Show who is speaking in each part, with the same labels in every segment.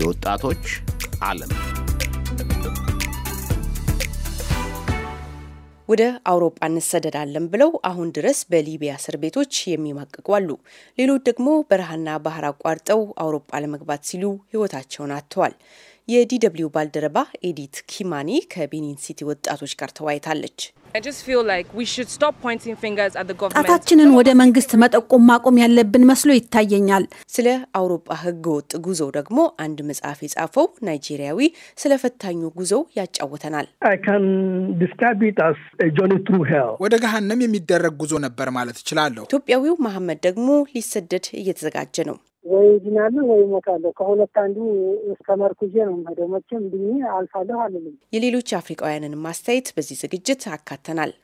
Speaker 1: የወጣቶች ዓለም ወደ
Speaker 2: አውሮፓ እንሰደዳለን ብለው አሁን ድረስ በሊቢያ እስር ቤቶች የሚማቅቁ አሉ። ሌሎች ደግሞ በረሃና ባህር አቋርጠው አውሮፓ ለመግባት ሲሉ ሕይወታቸውን አጥተዋል። የዲደብሊው ባልደረባ ኤዲት ኪማኒ ከቤኒን ሲቲ ወጣቶች ጋር ተወያይታለች። ጣታችንን ወደ መንግስት መጠቆም ማቆም ያለብን መስሎ ይታየኛል። ስለ አውሮፓ ህገወጥ ጉዞ ደግሞ አንድ መጽሐፍ የጻፈው ናይጄሪያዊ
Speaker 1: ስለ ፈታኙ ጉዞው ያጫወተናል። ወደ ገሃነም የሚደረግ ጉዞ ነበር ማለት እችላለሁ። ኢትዮጵያዊው መሐመድ ደግሞ ሊሰደድ እየተዘጋጀ ነው።
Speaker 3: ወይ ድናሉ ወይ እሞታለሁ። ከሁለት አንዱ እስከ መርኩዜ ነው ሄደው መቼም ብ አልፋለሁ አልልም።
Speaker 2: የሌሎች አፍሪቃውያንን ማስተያየት በዚህ ዝግጅት አካተናል።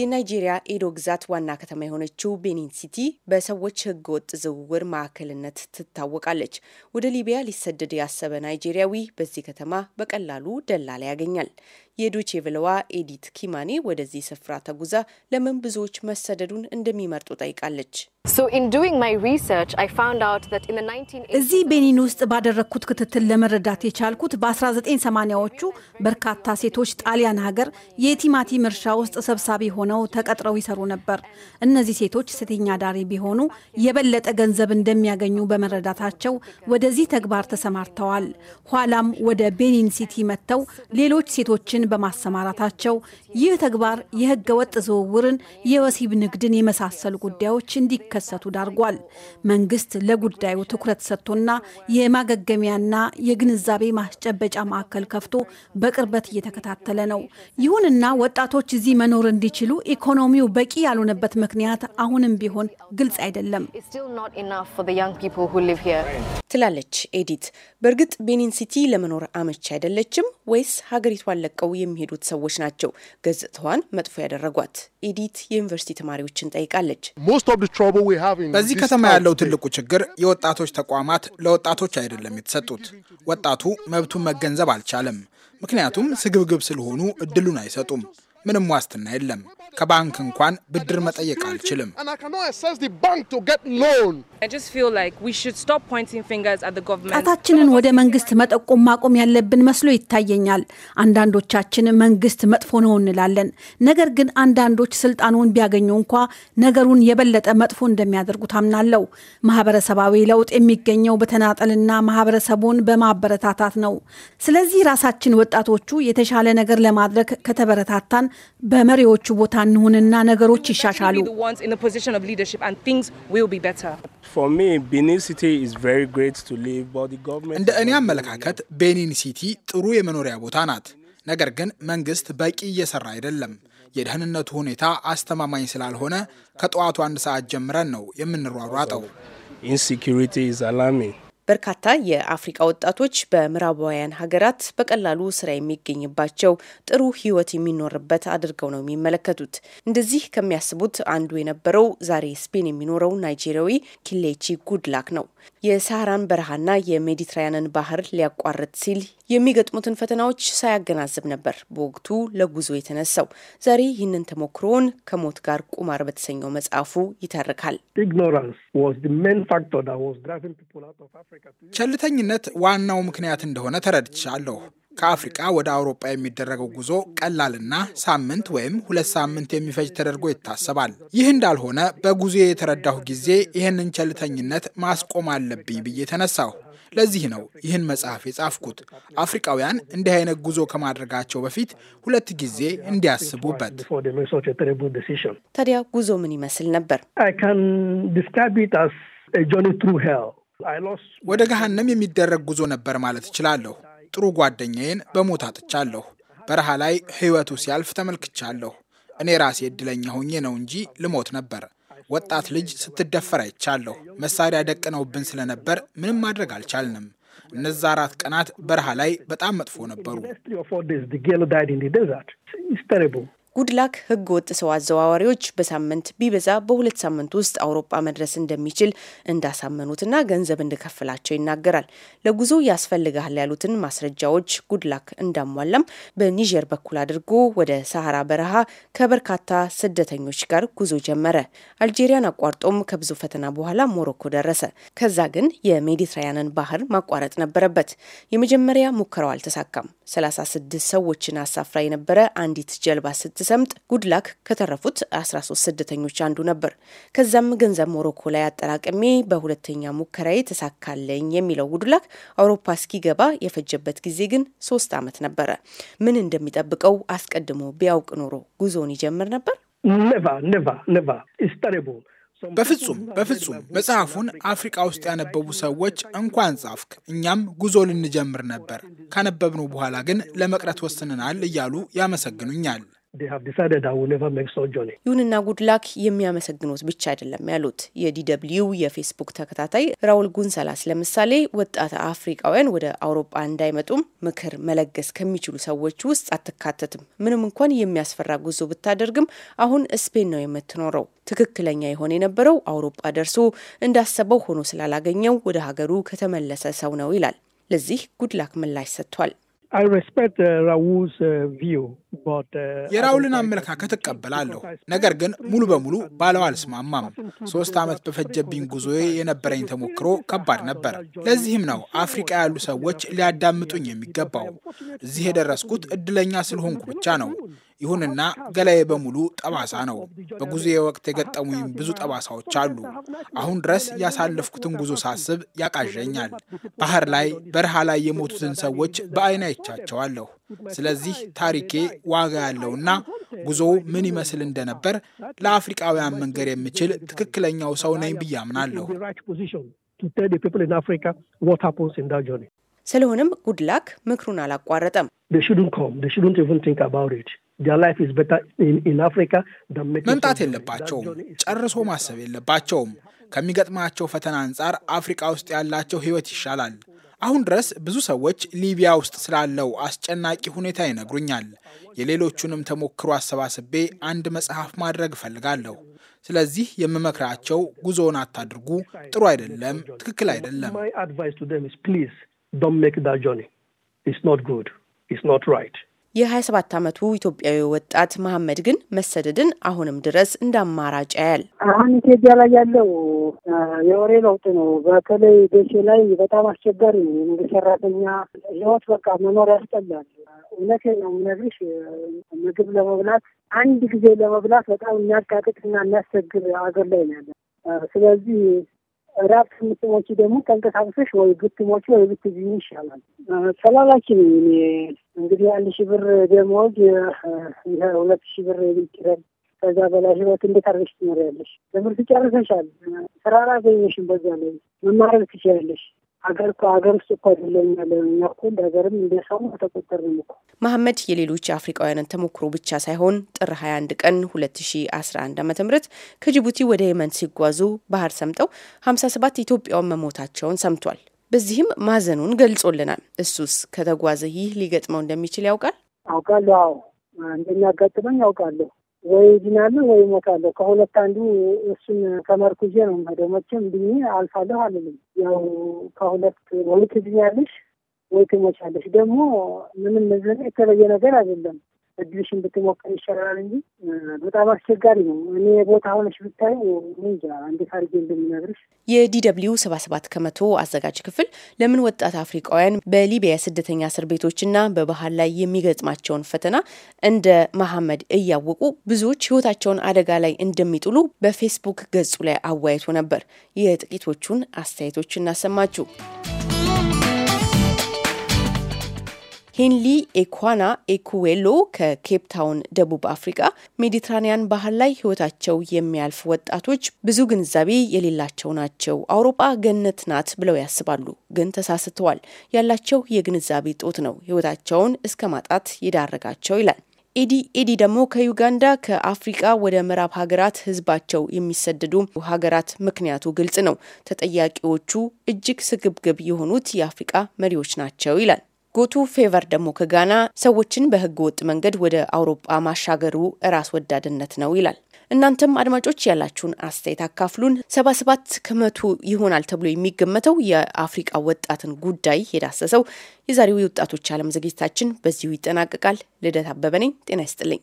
Speaker 2: የናይጄሪያ ኤዶ ግዛት ዋና ከተማ የሆነችው ቤኒን ሲቲ በሰዎች ህገወጥ ዝውውር ማዕከልነት ትታወቃለች። ወደ ሊቢያ ሊሰደድ ያሰበ ናይጄሪያዊ በዚህ ከተማ በቀላሉ ደላላ ያገኛል። የዶቼ ቬለዋ ኤዲት ኪማኔ ወደዚህ ስፍራ ተጉዛ ለምን ብዙዎች መሰደዱን እንደሚመርጡ ጠይቃለች።
Speaker 4: እዚህ ቤኒን ውስጥ ባደረግኩት ክትትል ለመረዳት የቻልኩት በ1980ዎቹ በርካታ ሴቶች ጣሊያን ሀገር የቲማቲም እርሻ ውስጥ ሰብሳቢ ሆነው ተቀጥረው ይሰሩ ነበር። እነዚህ ሴቶች ሴተኛ ዳሪ ቢሆኑ የበለጠ ገንዘብ እንደሚያገኙ በመረዳታቸው ወደዚህ ተግባር ተሰማርተዋል። ኋላም ወደ ቤኒን ሲቲ መጥተው ሌሎች ሴቶችን ሰዎችን በማሰማራታቸው ይህ ተግባር የህገ ወጥ ዝውውርን፣ የወሲብ ንግድን የመሳሰሉ ጉዳዮች እንዲከሰቱ ዳርጓል። መንግስት ለጉዳዩ ትኩረት ሰጥቶና የማገገሚያና የግንዛቤ ማስጨበጫ ማዕከል ከፍቶ በቅርበት እየተከታተለ ነው። ይሁንና ወጣቶች እዚህ መኖር እንዲችሉ ኢኮኖሚው በቂ ያልሆነበት ምክንያት አሁንም
Speaker 2: ቢሆን ግልጽ አይደለም ትላለች ኤዲት። በእርግጥ ቤኒን ሲቲ ለመኖር አመች አይደለችም ወይስ ሀገሪቷን ለቀው ጥለው የሚሄዱት ሰዎች ናቸው ገጽታዋን መጥፎ ያደረጓት። ኤዲት የዩኒቨርሲቲ ተማሪዎችን ጠይቃለች።
Speaker 1: በዚህ ከተማ ያለው ትልቁ ችግር የወጣቶች ተቋማት ለወጣቶች አይደለም የተሰጡት። ወጣቱ መብቱን መገንዘብ አልቻለም፣ ምክንያቱም ስግብግብ ስለሆኑ እድሉን አይሰጡም። ምንም ዋስትና የለም። ከባንክ እንኳን ብድር መጠየቅ አልችልም።
Speaker 4: ጣታችንን ወደ መንግስት መጠቆም ማቆም ያለብን መስሎ ይታየኛል። አንዳንዶቻችን መንግስት መጥፎ ነው እንላለን። ነገር ግን አንዳንዶች ስልጣኑን ቢያገኙ እንኳ ነገሩን የበለጠ መጥፎ እንደሚያደርጉ ታምናለው ማህበረሰባዊ ለውጥ የሚገኘው በተናጠልና ማህበረሰቡን በማበረታታት ነው። ስለዚህ ራሳችን ወጣቶቹ የተሻለ ነገር ለማድረግ ከተበረታታን በመሪዎቹ ቦታ እንሁንና ነገሮች ይሻሻሉ።
Speaker 1: እንደ እኔ አመለካከት ቤኒን ሲቲ ጥሩ የመኖሪያ ቦታ ናት። ነገር ግን መንግስት በቂ እየሰራ አይደለም። የደህንነቱ ሁኔታ አስተማማኝ ስላልሆነ ከጠዋቱ አንድ ሰዓት ጀምረን ነው የምንሯሯጠው። ኢዝ አላርሚንግ በርካታ
Speaker 2: የአፍሪቃ ወጣቶች በምዕራባውያን ሀገራት በቀላሉ ስራ የሚገኝባቸው ጥሩ ህይወት የሚኖርበት አድርገው ነው የሚመለከቱት። እንደዚህ ከሚያስቡት አንዱ የነበረው ዛሬ ስፔን የሚኖረው ናይጄሪያዊ ኪሌቺ ጉድላክ ነው። የሳሃራን በረሃና የሜዲትራያንን ባህር ሊያቋርጥ ሲል የሚገጥሙትን ፈተናዎች ሳያገናዝብ ነበር በወቅቱ ለጉዞ የተነሳው። ዛሬ ይህንን ተሞክሮውን ከሞት ጋር ቁማር በተሰኘው መጽሐፉ
Speaker 1: ይተርካል። ቸልተኝነት ዋናው ምክንያት እንደሆነ ተረድቻለሁ። ከአፍሪቃ ወደ አውሮፓ የሚደረገው ጉዞ ቀላልና ሳምንት ወይም ሁለት ሳምንት የሚፈጅ ተደርጎ ይታሰባል። ይህ እንዳልሆነ በጉዞ የተረዳሁ ጊዜ ይህንን ቸልተኝነት ማስቆም አለብኝ ብዬ ተነሳሁ። ለዚህ ነው ይህን መጽሐፍ የጻፍኩት። አፍሪቃውያን እንዲህ አይነት ጉዞ ከማድረጋቸው በፊት ሁለት ጊዜ እንዲያስቡበት። ታዲያ ጉዞ ምን ይመስል ነበር? ወደ ገሃነም የሚደረግ ጉዞ ነበር ማለት እችላለሁ። ጥሩ ጓደኛዬን በሞት አጥቻለሁ። በረሃ ላይ ህይወቱ ሲያልፍ ተመልክቻለሁ። እኔ ራሴ እድለኛ ሆኜ ነው እንጂ ልሞት ነበር። ወጣት ልጅ ስትደፈር አይቻለሁ። መሳሪያ ደቅነውብን ስለነበር ምንም ማድረግ አልቻልንም። እነዛ አራት ቀናት በረሃ ላይ በጣም መጥፎ ነበሩ።
Speaker 2: ጉድላክ ህገ ወጥ ሰው አዘዋዋሪዎች በሳምንት ቢበዛ በሁለት ሳምንት ውስጥ አውሮፓ መድረስ እንደሚችል እንዳሳመኑትና ገንዘብ እንደከፍላቸው ይናገራል። ለጉዞ ያስፈልጋል ያሉትን ማስረጃዎች ጉድላክ እንዳሟላም በኒጀር በኩል አድርጎ ወደ ሰሐራ በረሃ ከበርካታ ስደተኞች ጋር ጉዞ ጀመረ። አልጄሪያን አቋርጦም ከብዙ ፈተና በኋላ ሞሮኮ ደረሰ። ከዛ ግን የሜዲትራያንን ባህር ማቋረጥ ነበረበት። የመጀመሪያ ሙከራው አልተሳካም። 36 ሰዎችን አሳፍራ የነበረ አንዲት ጀልባ ስት ስትሰምጥ ጉድላክ ከተረፉት 13 ስደተኞች አንዱ ነበር። ከዛም ገንዘብ ሞሮኮ ላይ አጠራቅሜ በሁለተኛ ሙከራዬ ተሳካለኝ የሚለው ጉድላክ አውሮፓ እስኪገባ የፈጀበት ጊዜ ግን ሶስት ዓመት ነበረ። ምን እንደሚጠብቀው አስቀድሞ ቢያውቅ ኖሮ ጉዞውን ይጀምር ነበር?
Speaker 1: በፍጹም በፍጹም። መጽሐፉን አፍሪቃ ውስጥ ያነበቡ ሰዎች እንኳን ጻፍክ፣ እኛም ጉዞ ልንጀምር ነበር፣ ካነበብነው በኋላ ግን ለመቅረት ወስንናል እያሉ ያመሰግኑኛል።
Speaker 2: ይሁንና ጉድላክ የሚያመሰግኑት ብቻ አይደለም ያሉት የዲደብሊው የፌስቡክ ተከታታይ ራውል ጉንሰላስ ለምሳሌ ወጣት አፍሪቃውያን ወደ አውሮፓ እንዳይመጡም ምክር መለገስ ከሚችሉ ሰዎች ውስጥ አትካተትም። ምንም እንኳን የሚያስፈራ ጉዞ ብታደርግም አሁን ስፔን ነው የምትኖረው። ትክክለኛ የሆነ የነበረው አውሮፓ ደርሶ እንዳሰበው ሆኖ ስላላገኘው ወደ ሀገሩ ከተመለሰ ሰው ነው ይላል። ለዚህ ጉድላክ ምላሽ ሰጥቷል።
Speaker 1: Uh, uh, uh, የራውልን አመለካከት እቀበላለሁ። ነገር ግን ሙሉ በሙሉ ባለው አልስማማም። ሶስት ዓመት በፈጀብኝ ጉዞዬ የነበረኝ ተሞክሮ ከባድ ነበር። ለዚህም ነው አፍሪቃ ያሉ ሰዎች ሊያዳምጡኝ የሚገባው። እዚህ የደረስኩት እድለኛ ስለሆንኩ ብቻ ነው። ይሁንና ገላዬ በሙሉ ጠባሳ ነው። በጉዞ ወቅት የገጠሙኝ ብዙ ጠባሳዎች አሉ። አሁን ድረስ ያሳለፍኩትን ጉዞ ሳስብ ያቃዣኛል። ባህር ላይ፣ በረሃ ላይ የሞቱትን ሰዎች በአይን አይቻቸዋለሁ። ስለዚህ ታሪኬ ዋጋ ያለውና ጉዞው ምን ይመስል እንደነበር ለአፍሪቃውያን መንገር የምችል ትክክለኛው ሰው ነኝ ብዬ አምናለሁ።
Speaker 2: ስለሆነም ጉድላክ ምክሩን አላቋረጠም።
Speaker 1: መምጣት የለባቸውም። ጨርሶ ማሰብ የለባቸውም። ከሚገጥማቸው ፈተና አንጻር አፍሪቃ ውስጥ ያላቸው ህይወት ይሻላል። አሁን ድረስ ብዙ ሰዎች ሊቢያ ውስጥ ስላለው አስጨናቂ ሁኔታ ይነግሩኛል። የሌሎቹንም ተሞክሮ አሰባስቤ አንድ መጽሐፍ ማድረግ እፈልጋለሁ። ስለዚህ የምመክራቸው ጉዞውን አታድርጉ፣ ጥሩ አይደለም፣ ትክክል አይደለም። ዶንት ሜክ ዳት ጆርኒ ኢትስ ኖት ጉድ ኢትስ ኖት ራይት የ27 ዓመቱ
Speaker 2: ኢትዮጵያዊ ወጣት መሐመድ ግን መሰደድን አሁንም ድረስ እንደ አማራጭ ያያል።
Speaker 3: አሁን ኢትዮጵያ ላይ ያለው የወሬ ለውጥ ነው። በተለይ ደሴ ላይ በጣም አስቸጋሪ ነው። የመንግስት ሰራተኛ ህይወት በቃ መኖር ያስጠላል። እውነት ነው የምነግርሽ። ምግብ ለመብላት አንድ ጊዜ ለመብላት በጣም የሚያቃጥቅና የሚያስቸግር አገር ላይ ነው ያለ። ስለዚህ ራብ ከምትሞች ደግሞ ተንቀሳቅሰሽ ወይ ብትሞች ወይ ብትዝኝ ይሻላል። ሰላላችን እንግዲህ አንድ ሺ ብር ደሞዝ ሁለት ሺ ብር የሚችላል ከዛ በላይ ህይወት እንዴት አድርገሽ ትኖሪያለሽ? ትምህርት ጨርሰሻል፣ ስራ አላገኘሽም፣ በዛ ላይ መማረግ ትችላለሽ። ሀገር ሀገር ውስጥ እኮ አይደለም ያለ እንደ ሀገርም እንደ ሰው አልተቆጠርንም እኮ።
Speaker 2: የሌሎች አፍሪቃውያንን ተሞክሮ ብቻ ሳይሆን ጥር 21 ቀን 2011 ዓ ም ከጅቡቲ ወደ የመን ሲጓዙ ባህር ሰምጠው 57 ኢትዮጵያውን መሞታቸውን ሰምቷል። በዚህም ማዘኑን ገልጾልናል። እሱስ ከተጓዘ ይህ ሊገጥመው እንደሚችል ያውቃል።
Speaker 3: አውቃለሁ። አዎ እንደሚያጋጥመኝ ያውቃለሁ። ወይ ድናለሁ ወይ ሞታለሁ። ከሁለት አንዱ እሱን ተመርኩዤ ነው የምሄደው። መቼም ድኜ አልፋለሁ አልልም። ያው ከሁለት ወይ ትድኛለሽ ወይ ትሞቻለሽ። ደግሞ ምንም እዚህ የተለየ ነገር አይደለም። እድልሽን ብትሞክር ይሻላል እንጂ በጣም አስቸጋሪ ነው። እኔ ቦታ ሆነሽ ብታይ ምን ይችላል እንዴት አድርጌ እንደምነግርሽ።
Speaker 2: የዲደብሊው ሰባ ሰባት ከመቶ አዘጋጅ ክፍል ለምን ወጣት አፍሪቃውያን በሊቢያ ስደተኛ እስር ቤቶችና በባህል ላይ የሚገጥማቸውን ፈተና እንደ መሐመድ እያወቁ ብዙዎች ህይወታቸውን አደጋ ላይ እንደሚጥሉ በፌስቡክ ገጹ ላይ አወያይቶ ነበር። የጥቂቶቹን አስተያየቶች እናሰማችሁ። ሄንሊ ኤኳና ኤኩዌሎ ከኬፕታውን ደቡብ አፍሪካ ሜዲትራኒያን ባህር ላይ ህይወታቸው የሚያልፍ ወጣቶች ብዙ ግንዛቤ የሌላቸው ናቸው። አውሮጳ ገነት ናት ብለው ያስባሉ፣ ግን ተሳስተዋል። ያላቸው የግንዛቤ ጦት ነው ህይወታቸውን እስከ ማጣት የዳረጋቸው ይላል። ኤዲ ኤዲ ደግሞ ከዩጋንዳ ከአፍሪቃ ወደ ምዕራብ ሀገራት ህዝባቸው የሚሰደዱ ሀገራት ምክንያቱ ግልጽ ነው። ተጠያቂዎቹ እጅግ ስግብግብ የሆኑት የአፍሪቃ መሪዎች ናቸው ይላል። ጎቱ ፌቨር ደግሞ ከጋና ሰዎችን በህገ ወጥ መንገድ ወደ አውሮፓ ማሻገሩ ራስ ወዳድነት ነው ይላል። እናንተም አድማጮች ያላችሁን አስተያየት አካፍሉን። ሰባ ሰባት ከመቶ ይሆናል ተብሎ የሚገመተው የአፍሪቃ ወጣትን ጉዳይ የዳሰሰው የዛሬው የወጣቶች ዓለም ዝግጅታችን በዚሁ ይጠናቀቃል። ልደት አበበ ነኝ። ጤና ይስጥልኝ።